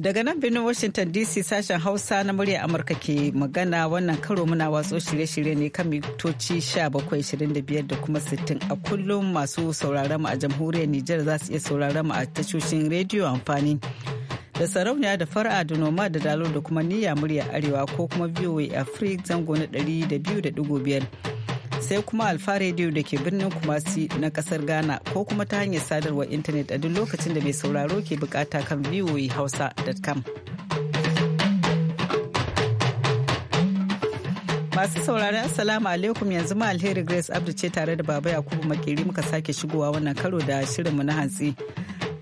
Daga nan birnin Washington DC sashen Hausa na murya Amurka ke magana wannan karo muna watso shirye-shirye ne kan mitoci 1725 da kuma 60 a kullum masu sauraron mu a jamhuriyar Nijar za su iya sauraron mu a tashoshin rediyo amfani. da sarauniya da fara da noma da dalo da kuma niyya murya arewa ko kuma voa afrik zango na 200.5 sai kuma alfa rediyo da ke birnin kumasi na kasar ghana ko kuma ta hanyar sadarwar intanet a duk lokacin da mai sauraro ke bukata kan voahausa.com masu sauraron assalamu alaikum yanzu ma alheri grace abdu ce tare da baba yakubu makeri muka sake shigowa wannan karo da shirinmu na hantsi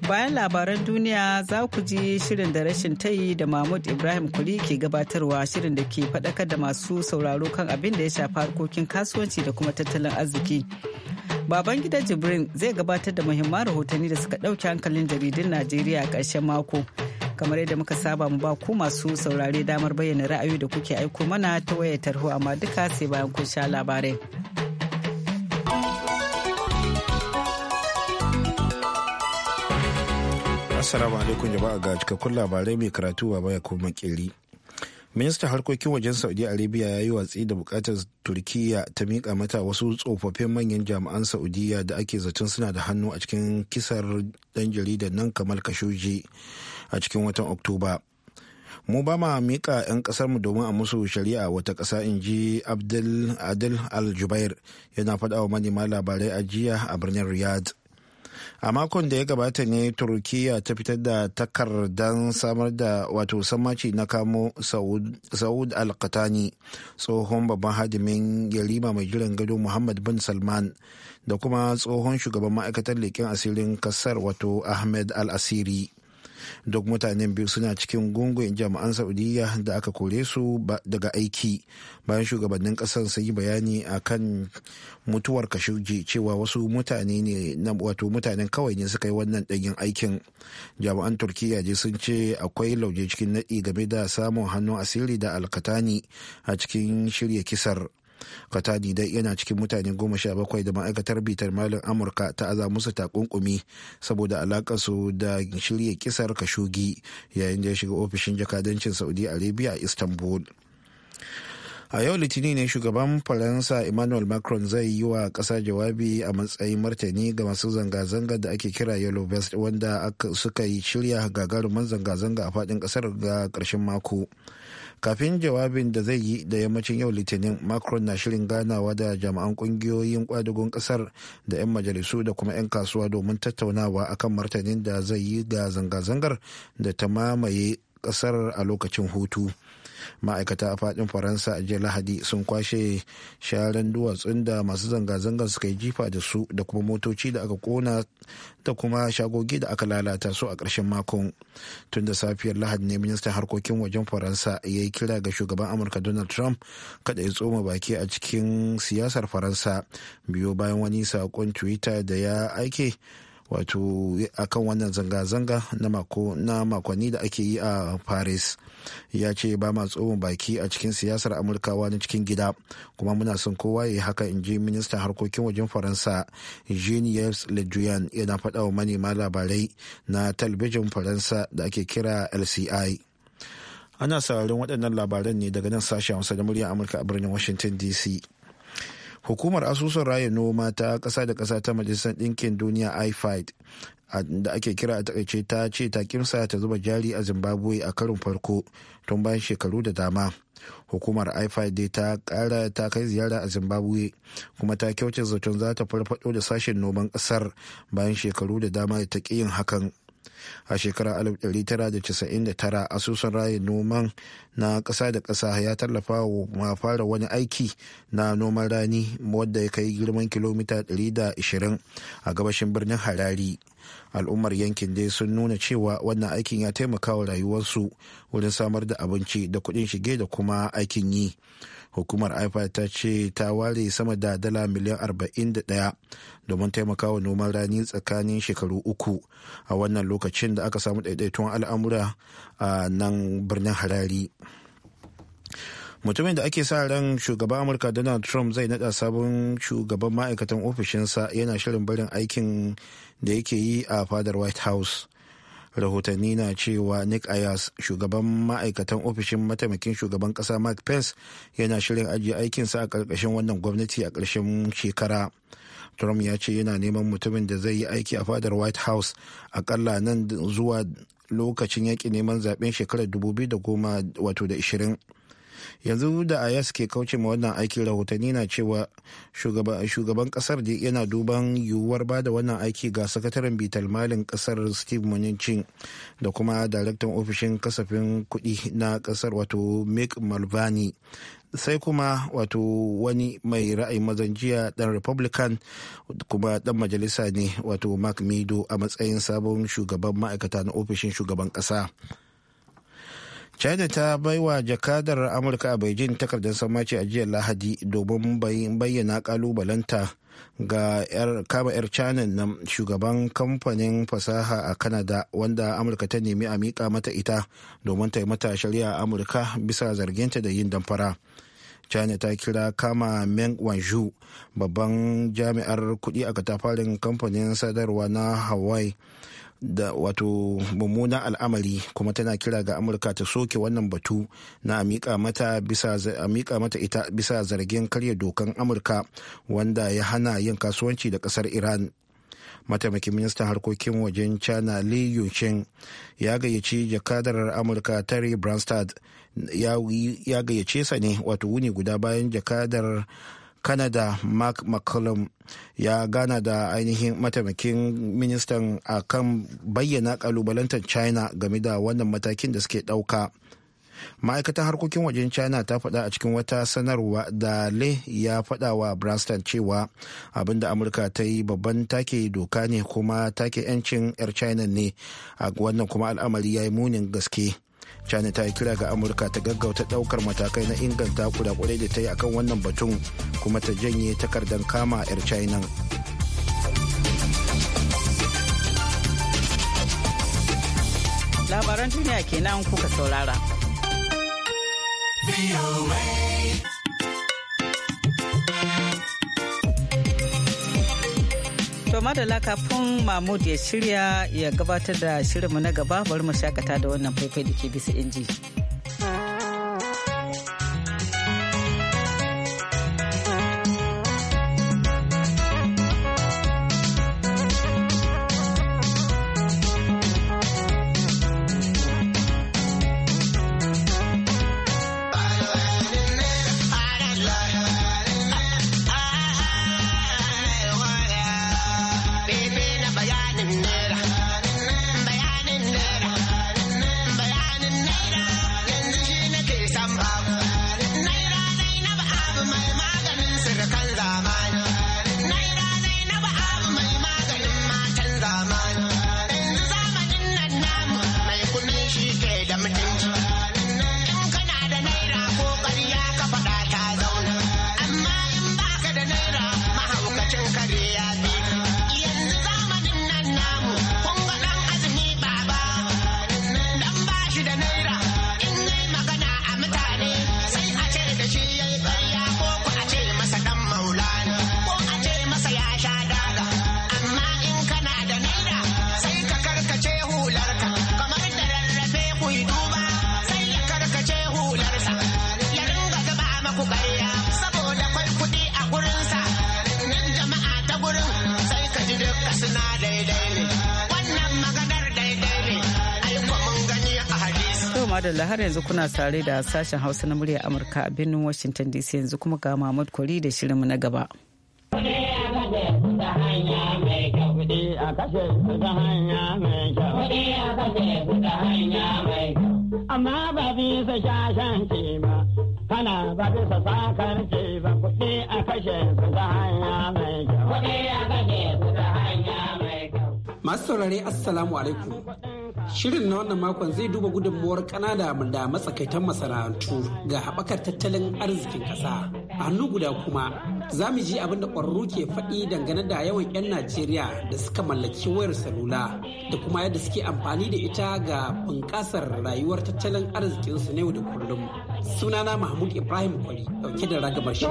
bayan labaran duniya za ku ji shirin da rashin tayi da mahmud ibrahim Kuli ke gabatarwa shirin da ke faɗakar da masu sauraro kan abin da ya shafi harkokin kasuwanci da kuma tattalin arziki baban gida jibrin zai gabatar da muhimman rahotanni da suka ɗauke hankalin jaridun najeriya a ƙarshen mako kamar yadda muka saba mu ba ku masu saurare damar bayyana ra'ayoyi da kuke aiko mana ta wayar tarho amma duka sai bayan kun sha labarai Assalamu alaikum jama'a ga cikakkun labarai mai karatu ba baya kuma makeri. Ministan harkokin wajen Saudi Arabia ya yi watsi da bukatar Turkiyya ta miƙa mata wasu tsofaffin manyan jami'an Saudiya da ake zaton suna da hannu a cikin kisar ɗan jaridar nan kamar kashoji a cikin watan Oktoba. Mu ba ma miƙa 'yan ƙasarmu domin a musu shari'a wata ƙasa in ji Abdul Adil Al-Jubair yana faɗa wa manema labarai a jiya a birnin Riyadh. a makon da ya gabata ne turkiya ta fitar da takardar samar da wato samaci na kamo saud alkatani tsohon babban hadimin yarima mai jiran gado muhammad bin salman da kuma tsohon shugaban ma'aikatar leƙen asirin kasar wato ahmed al-asiri duk mutanen biyu suna cikin gungun jami'an saudiya da aka kore su daga aiki bayan shugabannin kasar sun yi bayani a kan mutuwar kashuji cewa wasu mutane ne na wato mutanen kawai ne suka yi wannan ɗanyen aikin jami'an turkiyya je sun ce akwai lauje cikin naɗi game da samun hannun asiri da alkatani a cikin shirya kisar katani dai yana cikin mutane goma sha bakwai da ma'aikatar bitar malin amurka ta aza musu takunkumi saboda su da shirya kisar kashugi yayin da ya shiga ofishin jakadancin saudi arabia a istanbul a yau litinin ne shugaban faransa emmanuel macron zai yi wa kasa jawabi a matsayin martani ga masu zanga-zanga da ake kira yellow vest wanda suka yi shirya gagarumin zanga-zanga a fadin kasar ga karshen mako kafin jawabin da zai yi da yammacin yau litinin macron na shirin ganawa da jami'an kungiyoyin kwadugun kasar da 'yan majalisu da kuma 'yan kasuwa domin tattaunawa akan martanin da zai yi ga zanga-zangar da ta mamaye kasar a lokacin hutu. ma'aikata a fadin faransa a jiya lahadi sun kwashe sharan duwatsun da masu zanga-zangar suka yi jifa da su da kuma motoci da aka kona da kuma shagogi da aka lalata su a ƙarshen makon tun da safiyar lahadi ne ministan harkokin wajen faransa ya yi kira ga shugaban amurka donald trump kada ya tsoma baki a cikin siyasar faransa biyo bayan wani saƙon twitter da ya aike wato akan wannan zanga-zanga na makonni da ake yi a paris ya ce ba ma tsohon baki a cikin siyasar amurkawa na cikin gida kuma muna son kowa ya yi haka in ji ministan harkokin wajen faransa genius le drian yana faɗa wa manema labarai na talabijin faransa da ake kira lci ana sararin waɗannan labaran ne daga nan sashen hausa da muryar amurka a birnin washington dc hukumar asusun rayu noma ta kasa da kasa ta majalisar ɗinkin duniya ifid da ake kira a takaice ta ce ta kimsa ta zuba jari a zimbabwe a karin farko tun bayan shekaru da dama hukumar dai ta kara ta kai ziyara a zimbabwe kuma ta kyauce zaton za ta farfado da sashen noman kasar bayan shekaru da dama da ta ƙi yin hakan a shekarar 1999 asusun rayin noman na ƙasa da ƙasa ya tallafa ma fara wani aiki na noman rani wadda ya kai girman kilomita 120 a gabashin birnin harari al'ummar yankin dai sun nuna cewa wannan aikin ya taimaka wa rayuwarsu wurin samar da abinci da kuɗin shige da kuma aikin yi hukumar ipa ta ce ta ware sama da dala miliyan 41 domin taimakawa noman rani tsakanin shekaru uku a wannan lokacin da aka samu daidaituwan al'amura a nan birnin harari mutumin da ake sa ran shugaban amurka donald trump zai nada sabon shugaban ma'aikatan ofishinsa yana shirin barin aikin da yake yi a fadar white house rahotanni na cewa nick ayers shugaban ma'aikatan ofishin mataimakin shugaban kasa mark pence yana shirin ajiye aikinsa a ƙarƙashin wannan gwamnati a ƙarshen shekara trump ya ce yana neman mutumin da zai yi aiki a fadar white house akalla nan zuwa lokacin yaƙi neman zaben shekarar 2010 wato da 20 yanzu da ayas ke kauce ma wannan aikin rahotanni na cewa shugaban kasar da yana duban yiwuwar ba da wannan aiki ga sakataren bitar malin kasar steve mnuchin da kuma daraktan ofishin kasafin kudi na kasar wato mick malvani sai kuma wato wani mai ra'ayin mazanjiya jiya dan republican kuma dan majalisa ne wato mark mido a matsayin sabon shugaban ma'aikata na ofishin shugaban kasa. china ta baiwa jakadar amurka a beijing takardar samaci a jiya lahadi domin bayyana kalubalanta ga kama 'yar china na shugaban kamfanin fasaha a canada wanda amurka ta nemi a miƙa mata ita domin ta yi mata shari'a amurka bisa zarginta da yin damfara china ta kira kama meng wanzhou babban jami'ar kudi a katafarin kamfanin sadarwa na hawaii da wato mummunan al'amari kuma tana kira ga amurka ta soke wannan batu na amika mata mata ita bisa zargin karya dokan amurka wanda ya hana yin kasuwanci da kasar iran mataimakin ministan harkokin wajen china li yunshin ya gayyaci jakadar amurka terry branstad ya gayyace sa ne wato wuni guda bayan jakadar kanada mark mccullum ya gana da ainihin mataimakin ministan a kan bayyana kalubalantar china game da wannan matakin da suke ɗauka ma'aikatar harkokin wajen china ta faɗa a cikin wata sanarwa da le ya faɗa wa branston cewa abinda amurka ta yi babban take doka ne kuma take 'yancin 'yar china ne a wannan kuma al'amari ya yi munin gaske china ta yi kira ga amurka ta gaggauta daukar matakai na inganta kudakure da ta yi akan wannan batun kuma ta janye takardar kama 'yar china labaran duniya kenan kuka saurara. To madala kafin Mahmud ya shirya ya gabatar da shirinmu na gaba bari mu shakata da wannan faifai da ke bisa inji. madalla har yanzu kuna sare da sashen hausa na murya amurka a birnin washington dc yanzu kuma ga mahmud kwari da shirinmu na gaba amma ba bisa shashan ce ba kana ba bisa sakar ce ba kuɗi a kashe su ta hanya mai kyau kuɗi a kashe su ta hanya mai kyau masu saurare assalamu alaikum Shirin na wannan makon zai duba gudunmuwar ƙanada da matsakaitan masana'antu ga haɓakar tattalin arzikin ƙasa. A hannu guda kuma za mu ji abin da ƙwararru ke faɗi dangane da yawan 'yan Najeriya da suka mallaki wayar salula da kuma yadda suke amfani da ita ga bunƙasar rayuwar tattalin arzikinsu na yau da kullum. Sunana Mahmud Ibrahim Kwari ɗauke da ragamar shi.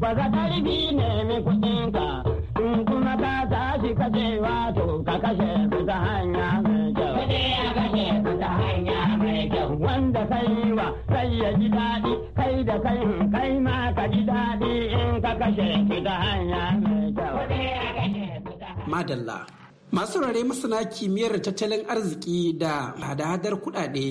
Ba za ne mi kuɗinka in kuma ka tashi kashe wato ka kashe su ta hanya mai kyau. Kaje ya kashe su ta hanya mai kyau. Wanda ka yi wa sai ya ji daɗi kai da kai kai ma ka ji daɗi in ka kashe su ta hanya mai kyau. Madalla. Masu rare masana kimiyyar tattalin arziki da hada-hadar kuɗaɗe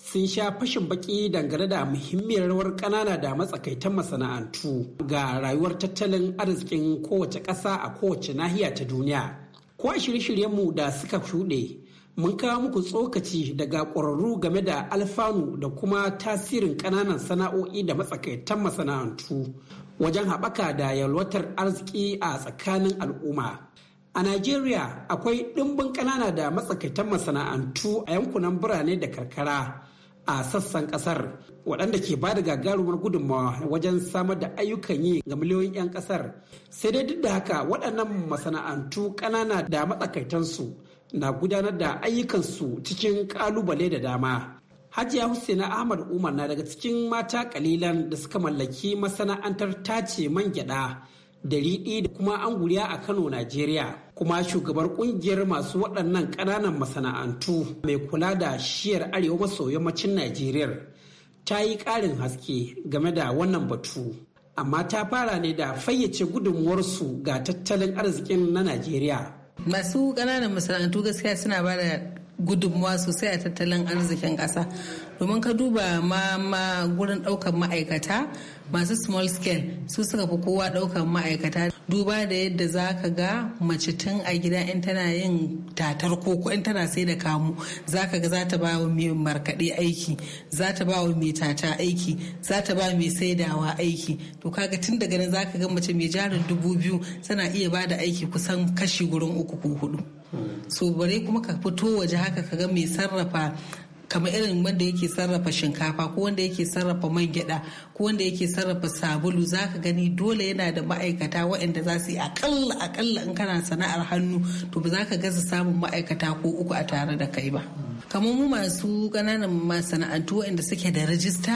sun sha fashin baki dangane da muhimmiyar rawar ƙanana da matsakaitan masana'antu ga rayuwar tattalin arzikin kowace ƙasa a kowace nahiya ta duniya. Ko a shirye-shiryenmu da suka shuɗe, mun kawo muku tsokaci daga ƙwararru game da alfanu da kuma tasirin ƙananan sana'o'i da matsakaitan masana'antu wajen haɓaka da yalwatar arziki a tsakanin al'umma. A Najeriya akwai ɗimbin ƙanana da matsakaitan masana'antu a yankunan birane da karkara a sassan kasar waɗanda ke ba da gagarumar gudunmawa wajen samar da ayyukan yi ga miliyoyin 'yan kasar sai dai duk da haka waɗannan masana'antu ƙanana da matsakaitansu na gudanar da ayyukansu cikin ƙalubale da dama hajiya Hussaina ahmad umar na daga cikin mata kalilan da suka mallaki masana'antar tace man gyada. ɗaya da kuma an guriya a Kano, Najeriya. Kuma shugabar kungiyar masu waɗannan ƙananan masana'antu mai kula da shiyar arewa maso yammacin Najeriya ta yi ƙarin haske game da wannan batu. Amma ta fara ne da fayyace gudunmuwarsu ga tattalin arzikin na Najeriya. Masu ƙananan masana'antu gaskiya suna ba da gudunmuwa sosai a tattalin arzikin ƙasa domin ka duba ma ma gurin daukan ma'aikata masu small scale su suka fi kowa ɗaukar ma'aikata duba da yadda za ka ga mace tun a gida in tana yin tatar ko in tana sai da kamu za ka ga za ta ba wa mai markaɗe aiki za ta ba wa mai tata aiki za ta ba mai saidawa aiki to kaga tun daga nan za ka ga mace mai jarin dubu biyu tana iya ba da aiki kusan kashi gurin uku ko hudu so bare kuma ka fito waje haka ka ga mai sarrafa kamar irin wanda yake sarrafa shinkafa ko wanda yake sarrafa man gyada ko wanda yake sarrafa sabulu zaka gani dole yana da ma'aikata waɗanda za su yi akalla akalla in kana sana'ar hannu to ba za ka gasa samun ma'aikata ko uku a tare da kai ba kamar mu masu ƙananan masana'antu waɗanda suke da rajista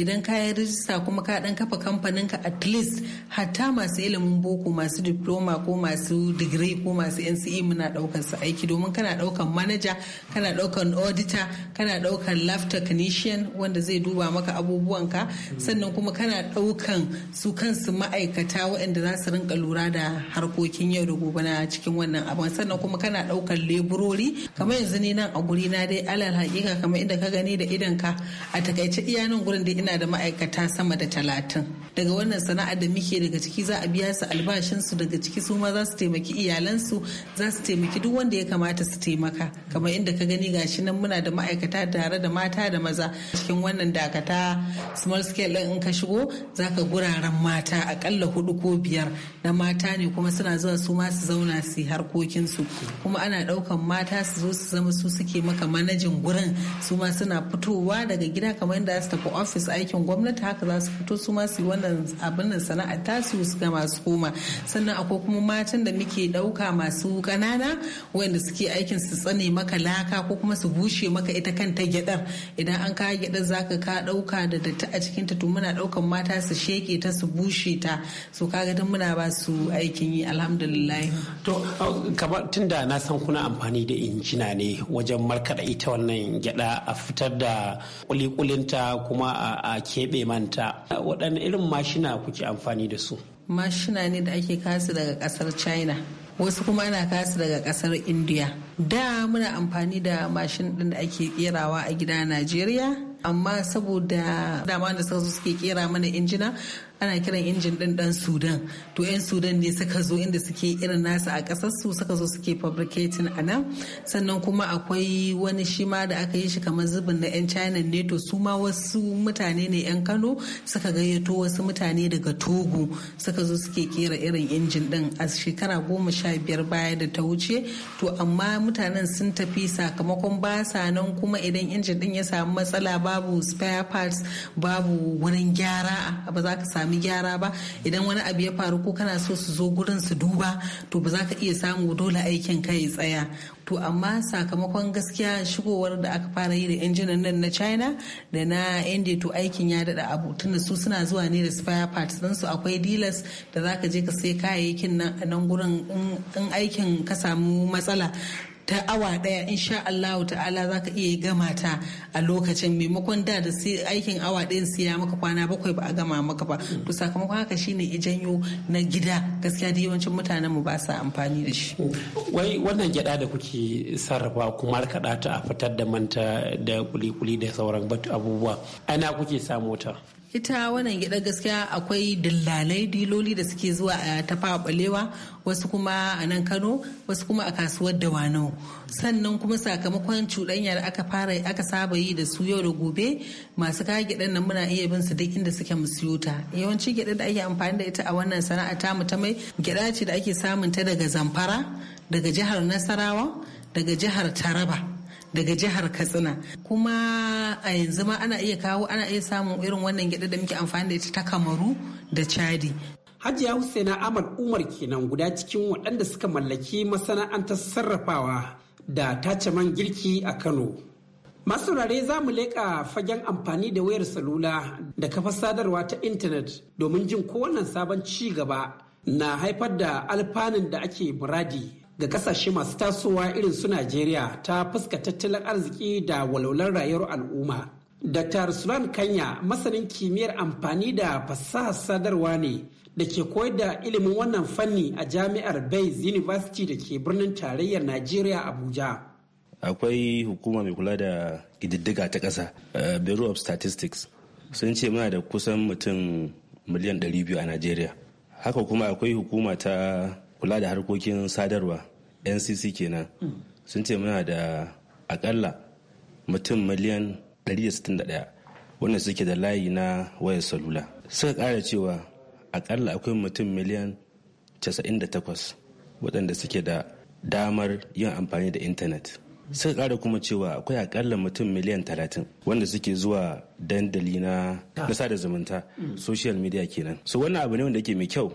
idan ka yi rajista kuma ka ɗan kafa kamfanin ka at least hatta masu ilimin boko masu diploma ko masu digiri ko masu NCE muna ɗaukar su aiki domin kana ɗaukar manaja kana ɗaukar auditor kana kana ɗaukar life technician wanda zai duba maka abubuwan ka sannan kuma kana ɗaukan su kansu ma'aikata waɗanda za su rinka lura da harkokin yau da gobe na cikin wannan abin sannan kuma kana ɗaukan leburori kamar yanzu ni nan a guri na dai alal hakika kamar inda ka gani da idan ka a takaice iyanan nan gurin da ina da ma'aikata sama da talatin daga wannan sana'ar da muke daga ciki za a biya su albashinsu daga ciki su ma za su taimaki iyalansu za su taimaki duk wanda ya kamata su taimaka kamar inda ka gani gashi nan muna da ma'aikata muna tare da mata da maza cikin wannan dakata small scale in ka shigo zaka guraren mata akalla hudu ko biyar na mata ne kuma suna zuwa su ma su zauna su harkokinsu kuma ana daukan mata su zo su zama su suke maka manajin gurin su ma suna fitowa daga gida kamar yadda su tafi office aikin gwamnati haka za su fito su ma su yi wannan abin nan sana'a ta su gama masu koma sannan akwai kuma matan da muke dauka masu ƙanana wanda suke aikin su tsane maka laka ko kuma su bushe maka ita kan ta gyaɗar idan an kawo gyaɗar zaka ka ɗauka da datti a cikin ta to muna ɗaukan mata su sheke ta su bushe ta so kaga dan muna ba su aikin yi alhamdulillah to uh, kamar tunda na san kuna amfani da injina ne wajen markaɗa ita wannan gyaɗa a fitar da kulikulin ta kuma a keɓe manta waɗanne irin mashina kuke amfani da su mashina ne da ake kasu daga ƙasar china wasu kuma ana kasu daga kasar Indiya. da muna amfani da mashin din da ake kerawa a gida najeriya amma saboda dama da suka suke kera mana injina ana kiran injin din dan sudan to yan sudan ne suka zo inda suke irin nasa a kasar su suka zo suke fabricating a nan sannan kuma akwai wani shi ma da aka yi shi kamar zubin na yan china ne to su ma wasu mutane ne yan kano suka gayyato wasu mutane daga togo suka zo suke kera irin injin din a shekara goma sha biyar baya da ta wuce to amma mutanen sun tafi sakamakon ba sa nan kuma idan injin din ya samu matsala babu spare parts babu wurin gyara ba za ka sami sami gyara ba idan wani abu ya faru ko kana so su zo gurin su duba to ba za ka iya samu dole aikin ka ya tsaya to amma sakamakon gaskiya shigowar da aka fara yi da injinan nan na china da na india to aikin ya dada abu tunda su suna zuwa ne da spare parts din su akwai dealers da za ka je ka sai kayayyakin nan gurin in aikin ka samu matsala ta awa daya insha Allah ta'ala za ka iya gama ta a lokacin maimakon da da aikin awa ɗayan ya maka kwana bakwai ba a gama maka ba to sakamakon haka shine ijanyo na gida gaskiya da yawancin mutanen mu ba sa amfani da shi wai wannan gyada da kuke sarrafa kuma kaɗa ta a fitar da manta da kuli-kuli da sauran abubuwa ana kuke samu ta ita wannan gida gaskiya akwai dillalai diloli da suke zuwa a eh, tafa balewa wasu kuma a nan kano wasu kuma a kasuwar dawanau sannan kuma sakamakon cuɗanya da aka fara aka saba yi da su yau da gobe masu kayan gidan nan muna iya bin su duk inda suke mu ta yawanci gidan da ake amfani da ita a wannan sana'a ta mu ta mai gida ce da ake samun ta daga zamfara daga jihar nasarawa daga jihar taraba daga jihar katsina kuma a yanzu ma ana iya kawo ana iya samun irin wannan gyada da muke amfani da ita ta kamaru da chadi hajiya husaina amal umar kenan guda cikin waɗanda suka mallaki masana'antar sarrafawa da tace man girki a kano masu rare za mu leƙa fagen amfani da wayar salula da kafa sadarwa ta intanet domin jin kowannan sabon ci gaba na haifar da alfanun da ake muradi ga kasashe masu tasowa irin su Najeriya ta fuska tattalin arziki da walwalar rayuwar al'umma. Dr. Sulan Kanya masanin kimiyyar amfani da fasaha sadarwa ne da ke koyar da ilimin wannan fanni a jami'ar Bayes University da ke birnin tarayyar Najeriya Abuja. Akwai hukuma mai kula da ƙididdiga ta ƙasa, eh, Bureau of Statistics, sun ce muna da kusan mutum miliyan 200 a Najeriya. Haka kuma akwai hukuma ta kula da harkokin sadarwa ncc kenan sun ce muna da akalla mutum miliyan 161 wanda suke da layi na wayar salula suka kara cewa akalla akwai mutum miliyan 98 waɗanda suke da damar yin amfani da intanet suka kara kuma cewa akwai akalla mutum miliyan 30 wanda suke zuwa dandali na sada zumunta mm. social media kenan so wannan abu ne wanda ke mai kyau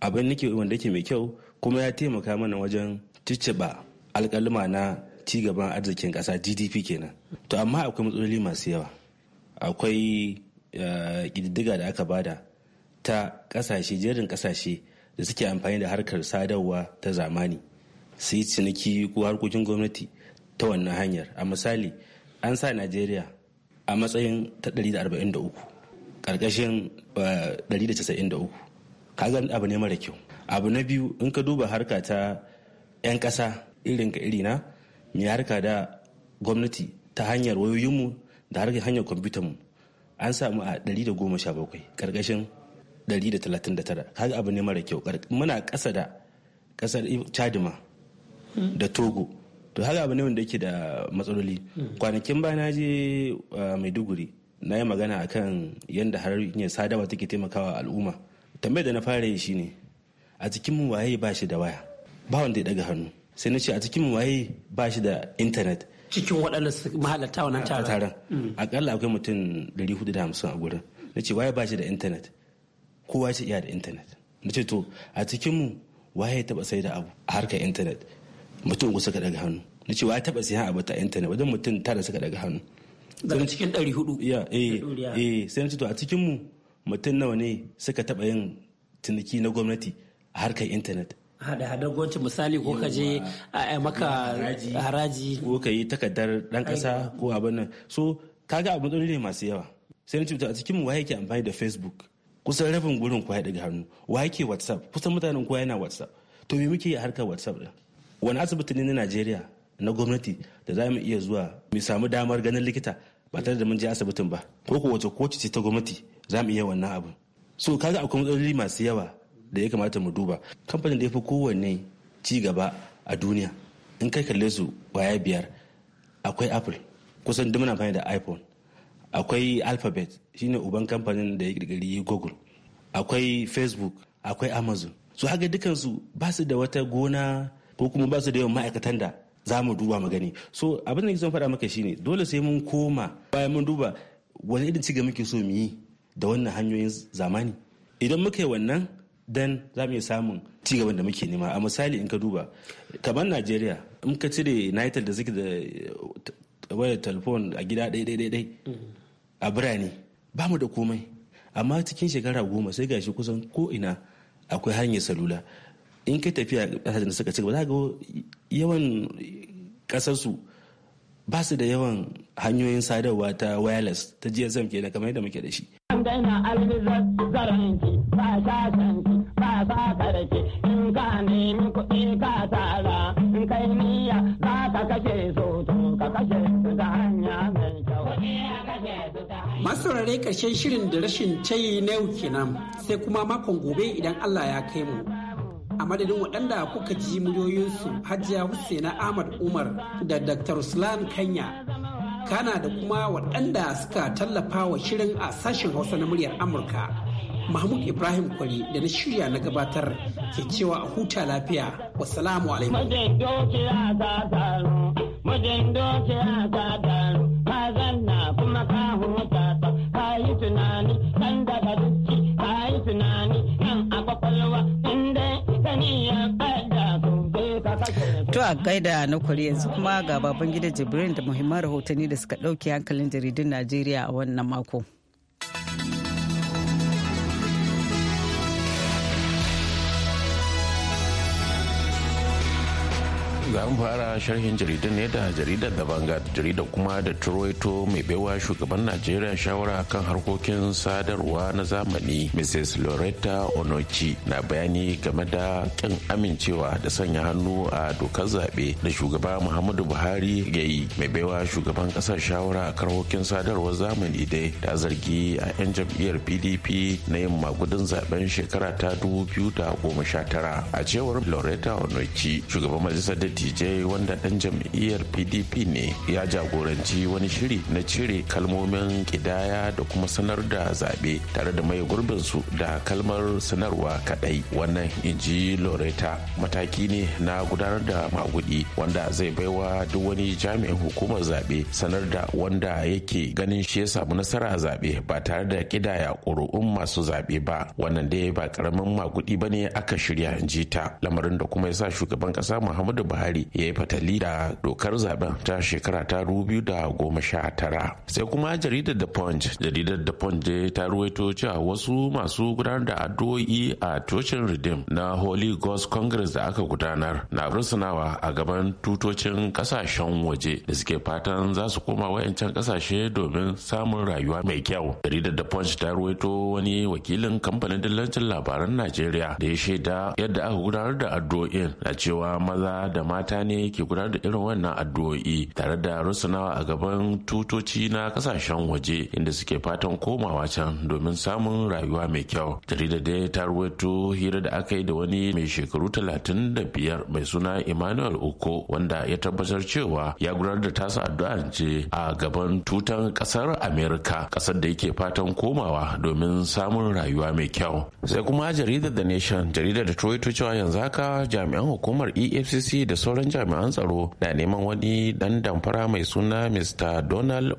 abin nake wanda ke mai kyau kuma ya taimaka mana wajen cicciba alkalima na ci gaban arzikin ƙasa gdp kenan to amma akwai matsaloli masu yawa akwai eh, ƙididdiga da aka bada ta ƙasashe jerin ƙasashe da suke amfani da harkar sadarwa ta zamani sai ciniki ko harkokin gwamnati ta wannan hanyar a misali an sa najeriya a matsayin ta 143 ƙarƙashin 193 eh, kaga abu ne mara kyau abu na biyu in ka duba harka ta 'yan ƙasa irin ka irina mai harka da gwamnati ta hanyar wayoyinmu da harkar hanyar kwamfutanmu an samu a 117 ƙarƙashin 139 kaga abu ne mara kyau muna ƙasa da ƙasar chadima da togo to haka abu ne wanda yake da matsaloli kwanakin ba na je maiduguri na yi magana akan yadda hanyar sadarwa take taimakawa al'umma tambayar da na fara yi shine a cikin waye ba shi da waya ba wanda ya daga hannu sai na ce a cikin waye ba shi da intanet cikin waɗanda su mahalarta wannan taron akalla mm. akwai mutum 450 a gurin na ce waye ba shi da intanet kowa ce iya da intanet na ce to a cikinmu waye taɓa sai da abu a harkar intanet mutum ku suka daga hannu na ce waye taɓa siyan abu ta intanet wajen mutum tara suka daga hannu daga cikin 400 ya eh, eh sai na ce to a cikinmu mutum nawa ne suka taɓa yin ciniki na gwamnati a harkar intanet hada hada gwanci misali ko ka je a maka haraji ko ka yi takardar dan kasa ko abin nan so kaga abin ne masu yawa sai na cuta a cikin mu waye ke amfani da facebook kusan rabin gurin kwa daga hannu waye ke whatsapp kusan mutanen kowa yana whatsapp to me muke yi a harkar whatsapp din wani asibiti ne na najeriya na gwamnati da za mu iya zuwa mu samu damar ganin likita ba tare da mun je asibitin ba ko ko wace ko ce ta gwamnati za mu iya wannan abin so kaga akwai matsaloli masu yawa da ya kamata mu duba kamfanin da ya fi kowanne ci gaba a duniya in kai kalle su waya biyar akwai apple kusan duk muna amfani da iphone akwai alphabet shine uban kamfanin da ya kirkiri google akwai facebook akwai amazon su haka dukansu ba su da wata gona ko kuma ba su da yawan ma'aikatan da za mu duba mu gani so abin da son faɗa maka shine dole sai mun koma bayan mun duba wani irin ci muke so mu yi da wannan hanyoyin zamani idan muka yi wannan dan za mu iya samun cigaban da muke nema a misali in ka duba kamar najeriya in ka cire nitel da suke da eh, wayar telefon a gida ɗai a birane ba mu da komai amma cikin shekara goma sai gashi kusan ko ina akwai hanyar salula in ka tafiya ƙasashen da suka cigaba za ga yawan ƙasarsu ba su da yawan hanyoyin sadarwa ta wireless ta gsm kenan kamar yadda muke da shi. karke ka nemi tara in kai niyya za ka kashe su Masaurare karshen shirin da rashin tayi na yau kenan sai kuma makon gobe idan Allah ya kai mu. a madadin waɗanda kuka ji muryoyinsu hajiya Hussaina ahmad umar da dr Ruslan kanya kana da kuma waɗanda suka tallafa wa shirin a sashen hausa na muryar amurka mahmud ibrahim kwari da na shirya na gabatar ke cewa a huta lafiya wasalamu alaikum To a gaida na kwari yanzu kuma ga baban gida Jibrin da muhimman rahotanni da suka ɗauke hankalin jaridun Najeriya a wannan mako. za mu fara sharhin jaridar ne da jaridar da bangar jaridar kuma da Troito mai baiwa shugaban Najeriya shawara kan harkokin sadarwa na zamani Mrs. Loretta Onochi na bayani game da kin amincewa da sanya hannu a dokar zaɓe da shugaba Muhammadu Buhari ya yi mai baiwa shugaban ƙasar shawara kan harkokin sadarwar zamani dai ta zargi a 'yan jam'iyyar PDP na yin magudin zaben shekara ta tara, a cewar Loretta Onochi shugaban majalisar dattijai wanda ɗan jam'iyyar pdp ne ya jagoranci wani shiri na cire kalmomin kidaya da kuma sanar da zaɓe tare da mai gurbin su da kalmar sanarwa kaɗai wannan inji loreta mataki ne na gudanar da magudi wanda zai baiwa duk wani jami'in hukumar zaɓe sanar da wanda yake ganin shi ya samu nasara a zaɓe ba tare da kidaya ƙuri'un masu zaɓe ba wannan dai ba ƙaramin maguɗi ba ne aka shirya in ji ta lamarin da kuma ya sa shugaban ƙasa muhammadu buhari buhari ya yi fatali da dokar zaben ta shekara ta da goma sha tara. sai kuma jaridar the punch jaridar the punch ta ruwaito cewa wasu masu gudanar da addu'o'i a tocin redeem na holy ghost congress da aka gudanar na rusunawa a gaban tutocin kasashen waje da suke fatan za su koma wayancan kasashe domin samun rayuwa mai kyau jaridar the punch ta ruwaito wani wakilin kamfanin dillancin labaran najeriya da ya shaida yadda aka gudanar da addu'o'in na cewa maza da mata mata ne ke gudanar da irin wannan addu'o'i tare da rusunawa a gaban tutoci na kasashen waje inda suke fatan komawa can domin samun rayuwa mai kyau jaridar da ta ruwaito hira da aka yi da wani mai shekaru talatin da biyar mai suna emmanuel uko wanda ya tabbatar cewa ya gudanar da tasa addu'a ce a gaban tutan kasar america kasar da yake fatan komawa domin samun rayuwa mai kyau sai kuma jaridar the nation jaridar da cewa yanzu haka jami'an hukumar efcc da sauran jami'an tsaro na neman wani dan damfara mai suna Mr. Donald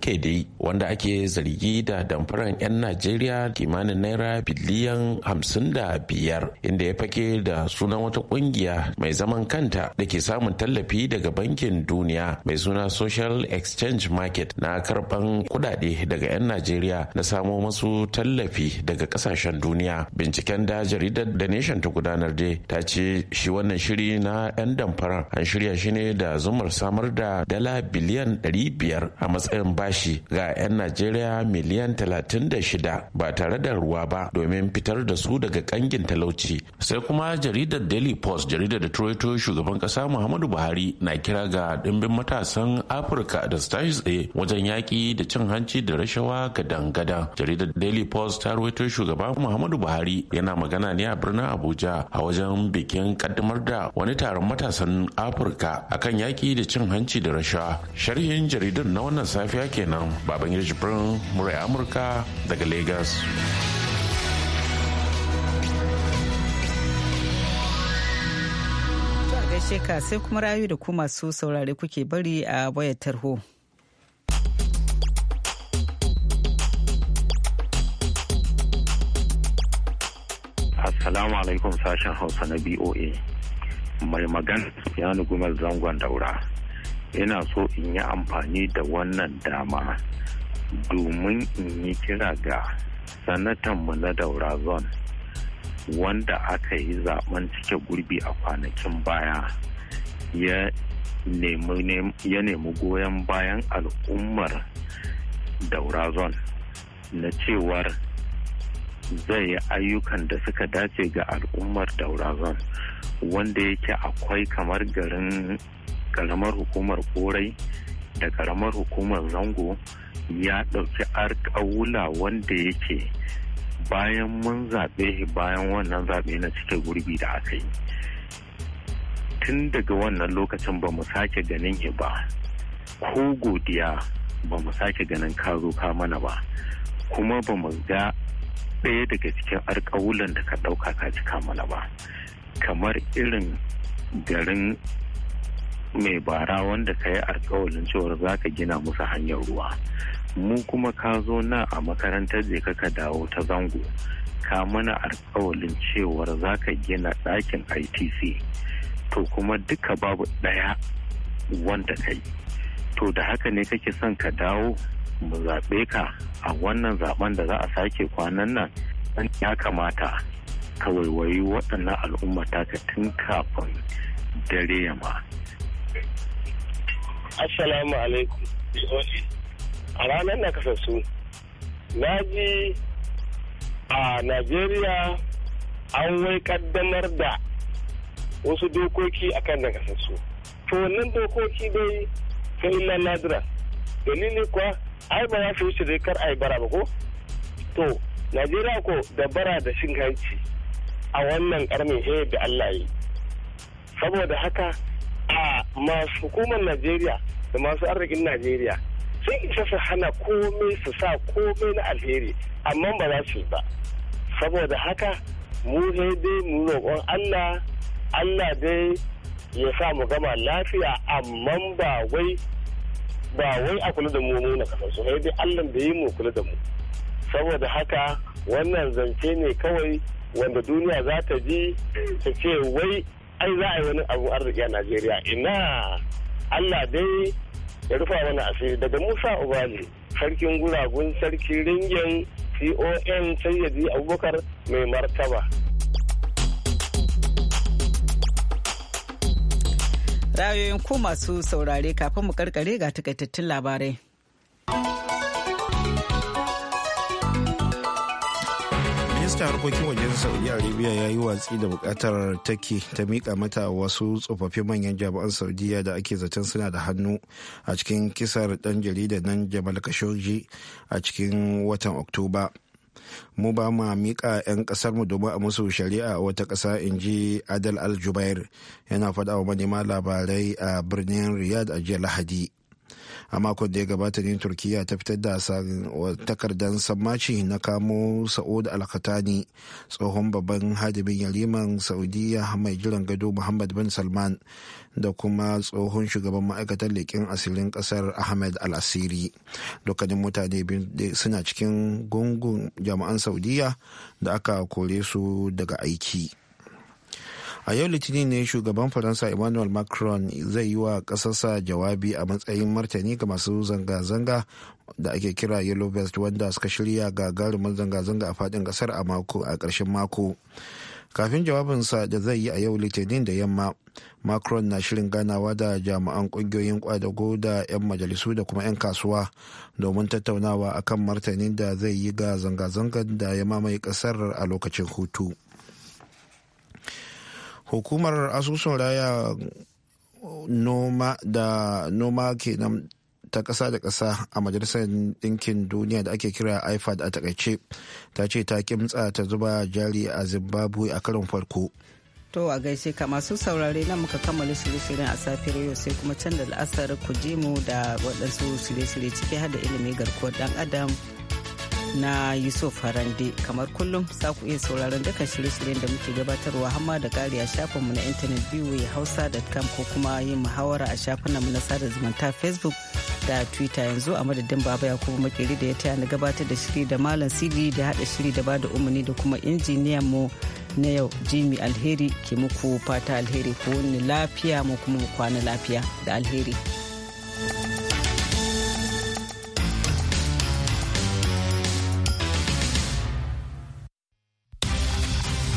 kede wanda ake zargi da damfaran 'yan Najeriya kimanin naira biliyan hamsin da biyar inda ya fake da sunan wata kungiya mai zaman kanta da ke samun tallafi daga bankin duniya mai suna Social Exchange Market na karban kudade daga 'yan Najeriya na samo masu tallafi daga kasashen duniya. Binciken da jaridar da Nation ta gudanar dai ta ce shi wannan shiri na 'yan damfarar an shirya shi ne da zumar samar da dala biliyan 500 a matsayin bashi ga 'yan najeriya miliyan 36 ba tare da ruwa ba domin fitar da su daga kangin talauci sai kuma jaridar daily post jaridar da turaito shugaban kasa muhammadu buhari na kira ga dimbin matasan afirka da su tashi tsaye wajen yaki da cin hanci da rashawa gadan-gadan jaridar daily post ta ruwaito shugaban muhammadu buhari yana magana ne a birnin abuja a wajen bikin kaddamar da wani taron matasa matasan afirka akan yaƙi da cin hanci da rashawa sharhin jaridun na wannan safiya kenan baban yajibirin murai amurka daga lagos sheka sai kuma rayu da ku masu saurare kuke bari a wayar tarho. Assalamu alaikum sashen Hausa na BOA. mai magana ya gumar zangon daura ina so in yi amfani da wannan dama domin in yi kira ga sanatanmu na daura zone wanda aka yi zaben cike gurbi a kwanakin baya ya nemi goyon bayan al'ummar daura zone na cewar zai yi ayyukan da suka dace ga al'ummar daura zone wanda yake akwai kamar garin karamar hukumar korai da karamar hukumar zango ya ɗauki arkawula wanda yake bayan mun zaɓe bayan wannan zaɓe na cike gurbi da aka yi tun daga wannan lokacin ba mu sake ganin ba ko godiya ba mu sake ganin karo ka mana ba kuma ba mu ga ɗaya daga cikin arkawulan da ka ɗauka ka cika mana ba kamar irin garin mai bara wanda ka yi alkawalin cewar za ka gina musu hanyar ruwa mu kuma ka zo na a makarantar da ka dawo ta zango ka mana alkawalin cewar za ka gina ɗakin itc to kuma duka babu ɗaya wanda ka yi to da haka ne kake son ka dawo mu zaɓe ka a wannan zaɓen da za a sake kwanan nan ya kamata ka waiwayi waɗannan al'umma taka tun kafin dare ma. Assalamu alaikum. A ranar na kasassu, na ji a Najeriya an wai kaddamar da wasu dokoki akan na kasassu. To wannan dokoki dai sai laladra. Dalili kuwa, ai ba za su wuce dai kar ai bara ba ko? To, Najeriya ko da bara da shin hanci. a wannan karnin eh da Allah yi saboda haka a masu hukumar Najeriya da masu arzikin Najeriya sun isa su hana komai su sa komai na alheri amma ba za su ba saboda haka mu sai dai mu roƙon Allah Allah dai ya sa mu gama lafiya amma ba wai ba wai a kula da mu mu na kasar su sai dai Allah da yi mu kula da mu saboda haka wannan zance ne kawai wanda duniya za ta ji ta ce wai ai za a yi wani abu arziki a najeriya ina allah dai ya rufa wani asiri daga musa ubali sarkin guragun sarki ringin con sayyadi abubakar mai martaba rayoyin ku masu saurare kafin mu karkare ga takaitattun labarai ministan harkokin wajen saudi arabia ya yi watsi da bukatar take ta mika mata wasu tsofaffin manyan jami'an saudiya da ake zaton suna da hannu a cikin kisar dan jaridar nan jamal khashoggi a cikin watan oktoba mu ba ma mika 'yan mu domin a musu shari'a a wata ƙasa in ji adal al-jubair yana faɗa wa manema labarai a birnin riyadh a jiya lahadi a makon da ya gabata ne turkiya ta fitar da takardar sammaci na kamo sa'ud alkatani tsohon babban hadibin yaliman saudiya mai jiran gado muhammad bin salman da kuma tsohon shugaban ma'aikatar leƙin asirin ƙasar ahmed al-asiri dukkanin mutane suna cikin gungun jama'an saudiya da aka kore su daga aiki a yau litinin ne shugaban faransa emmanuel macron zai yi wa kasarsa jawabi a matsayin martani ga masu zanga-zanga da ake kira yellow vest wanda suka shirya gagarumin zanga-zanga a fadin kasar a mako a ƙarshen mako kafin jawabinsa da zai yi a yau litinin da yamma macron na shirin ganawa da jami'an kungiyoyin kwadago da 'yan majalisu da kuma 'yan kasuwa domin tattaunawa akan martanin da zai yi ga zanga-zangar da ya mamaye kasar a lokacin hutu. hukumar asusun raya uh, noma da noma kenan ta kasa da kasa a majalisar ɗinkin duniya da ake kira ifad a takaice ta ce ta kimtsa ta zuba jari a zimbabwe a karin farko To a gaishe ka masu saurare na muka kammala shirye-shiryen a safiyar yau sai kuma can la'asar ku mu da waɗansu shirye-shirye ciki da ilimi garkuwar ɗan adam na Yusuf Harande kamar kullum za ku iya sauraron dukkan shirye-shiryen da muke gabatarwa hamma da gari a shafinmu na intanet biyu hausa.com ko kuma yin muhawara a shafinmu na sada zumunta Facebook da Twitter yanzu a madadin Baba Yakubu Makeri da ya taya na gabatar da shiri da Malam Sidi da haɗa shiri da bada umarni da kuma injiniyan mu na yau Jimmy Alheri ke muku fata alheri ko wani lafiya mu kuma kwana lafiya da alheri.